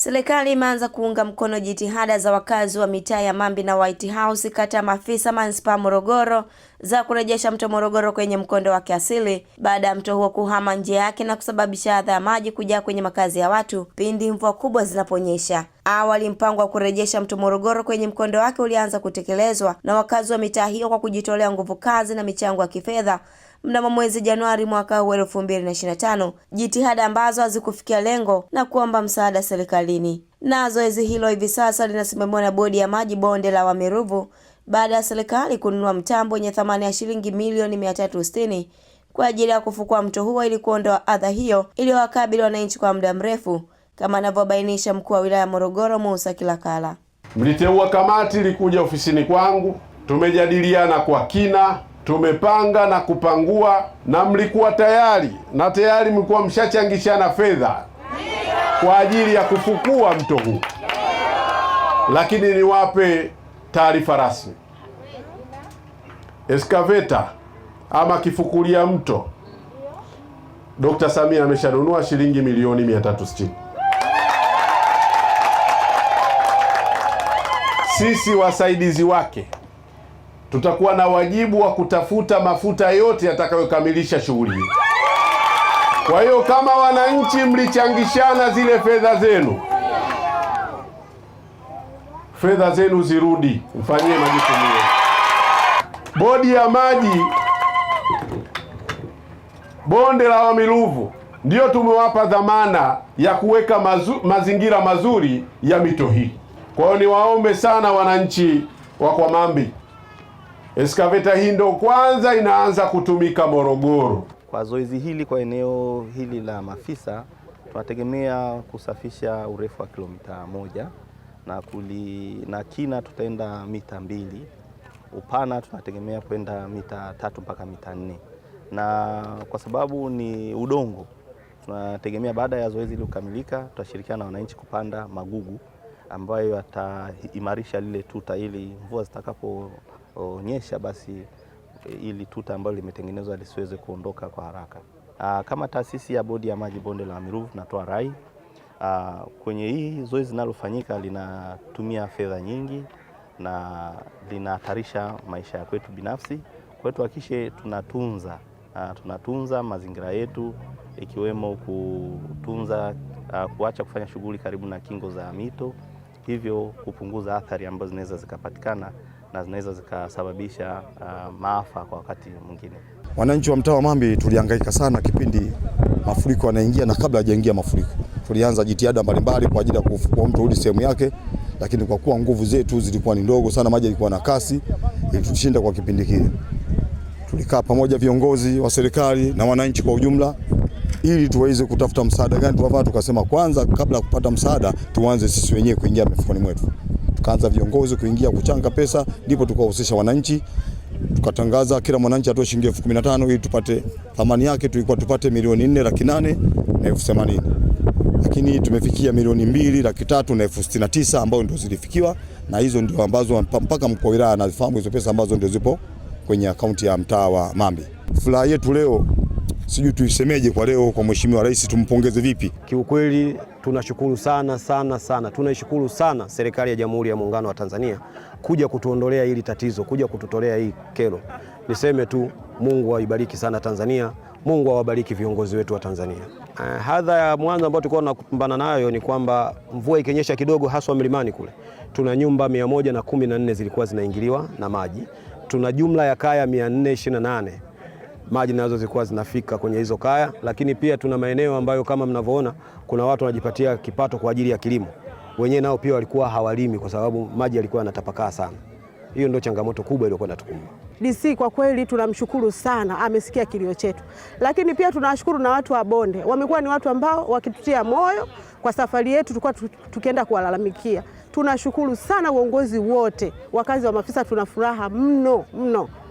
Serikali imeanza kuunga mkono jitihada za wakazi wa mitaa ya Mambi na White House kata ya maafisa manispaa Morogoro za kurejesha mto Morogoro kwenye mkondo wake asili baada ya mto huo kuhama njia yake na kusababisha adha ya maji kujaa kwenye makazi ya watu pindi mvua kubwa zinaponyesha. Awali mpango wa kurejesha mto Morogoro kwenye mkondo wake ulianza kutekelezwa na wakazi wa mitaa hiyo kwa kujitolea nguvu kazi na michango ya kifedha mnamo mwezi Januari mwaka huu 2025 jitihada ambazo hazikufikia lengo na kuomba msaada serikalini. Na zoezi hilo hivi sasa linasimamiwa na bodi ya maji bonde la Wami Ruvu baada ya serikali kununua mtambo wenye thamani ya shilingi milioni 360 kwa ajili ya kufukua mto huo ili kuondoa adha hiyo iliyowakabili wananchi kwa muda mrefu, kama anavyobainisha mkuu wa wilaya Morogoro Musa Kilakala. Mliteua kamati, ilikuja ofisini kwangu, tumejadiliana kwa kina tumepanga na kupangua, na mlikuwa tayari na tayari mlikuwa mshachangishana fedha kwa ajili ya kufukua mto huu, lakini niwape taarifa rasmi, eskaveta ama kifukulia mto Dkt. Samia ameshanunua shilingi milioni 360. Sisi wasaidizi wake tutakuwa na wajibu wa kutafuta mafuta yote yatakayokamilisha shughuli hii. Kwa hiyo kama wananchi mlichangishana zile fedha zenu, fedha zenu zirudi, mfanyie majukumu yenu. Bodi ya maji bonde la Wamiluvu ndiyo tumewapa dhamana ya kuweka mazu, mazingira mazuri ya mito hii. Kwa hiyo niwaombe sana wananchi wa Kwamambi Eskaveta hii ndo kwanza inaanza kutumika Morogoro. Kwa zoezi hili, kwa eneo hili la Mafisa tunategemea kusafisha urefu wa kilomita moja na, kuli, na kina tutaenda mita mbili, upana tunategemea kwenda mita tatu mpaka mita nne, na kwa sababu ni udongo tunategemea baada ya zoezi hili kukamilika tutashirikiana na wananchi kupanda magugu ambayo yataimarisha lile tuta ili mvua zitakapoonyesha basi eh, ili tuta ambalo limetengenezwa lisiweze kuondoka kwa haraka. Aa, ah, kama taasisi ya bodi ya maji bonde la Miruvu tunatoa rai aa, ah, kwenye hii zoezi linalofanyika linatumia fedha nyingi na linahatarisha maisha ya kwetu binafsi. Kwa hiyo tuhakikishe tunatunza aa, ah, tunatunza mazingira yetu ikiwemo kutunza aa, kuacha kufanya shughuli karibu na kingo za mito hivyo kupunguza athari ambazo zinaweza zikapatikana na zinaweza zikasababisha uh, maafa kwa wakati mwingine. Wananchi wa mtaa wa Mambi tulihangaika sana kipindi mafuriko yanaingia na kabla hajaingia mafuriko, tulianza jitihada mbalimbali kwa ajili ya kufukua mtu rudi sehemu yake, lakini kwa kuwa nguvu zetu zilikuwa ni ndogo sana, maji yalikuwa na kasi, ilitushinda kwa kipindi kile. Tulikaa pamoja viongozi wa serikali na wananchi kwa ujumla ili tuweze kutafuta msaada gani tuwafaa. Tukasema kwanza, kabla ya kupata msaada, tuanze sisi wenyewe kuingia mifukoni mwetu, tukaanza viongozi kuingia kuchanga pesa, ndipo tukawahusisha wananchi tukatangaza kila mwananchi atoe shilingi elfu kumi na tano ili tupate thamani yake. Tulikuwa tupate milioni nne laki nane na elfu themanini lakini tumefikia milioni mbili laki tatu na elfu sitini na tisa ambayo ndio zilifikiwa, na hizo ndio ambazo mpaka mkuu wa wilaya anazifahamu hizo pesa ambazo ndio zipo kwenye akaunti ya mtaa wa Mambi. Furaha yetu leo sijui tuisemeje kwa leo kwa Mheshimiwa Rais, tumpongeze vipi? Kiukweli tunashukuru sana sana sana, tunaishukuru sana serikali ya Jamhuri ya Muungano wa Tanzania kuja kutuondolea hili tatizo, kuja kututolea hii kero. Niseme tu Mungu aibariki sana Tanzania, Mungu awabariki viongozi wetu wa Tanzania. Uh, hadha ya mwanzo ambayo tulikuwa tunakumbana nayo ni kwamba mvua ikinyesha kidogo, haswa milimani kule, tuna nyumba 114 zilikuwa zinaingiliwa na maji. Tuna jumla ya kaya 428 maji nazo zilikuwa zinafika kwenye hizo kaya, lakini pia tuna maeneo ambayo kama mnavyoona kuna watu wanajipatia kipato kwa ajili ya kilimo wenyewe, nao pia walikuwa hawalimi kwa sababu maji yalikuwa yanatapakaa sana. Hiyo ndio changamoto kubwa iliyokuwa inatukumba. DC kwa kweli tunamshukuru sana, amesikia kilio chetu, lakini pia tunawashukuru na watu wa bonde, wamekuwa ni watu ambao wakitutia moyo kwa safari yetu tulikuwa tukienda kuwalalamikia. Tunashukuru sana uongozi wote, wakazi wa Mafisa, tuna furaha mno mno.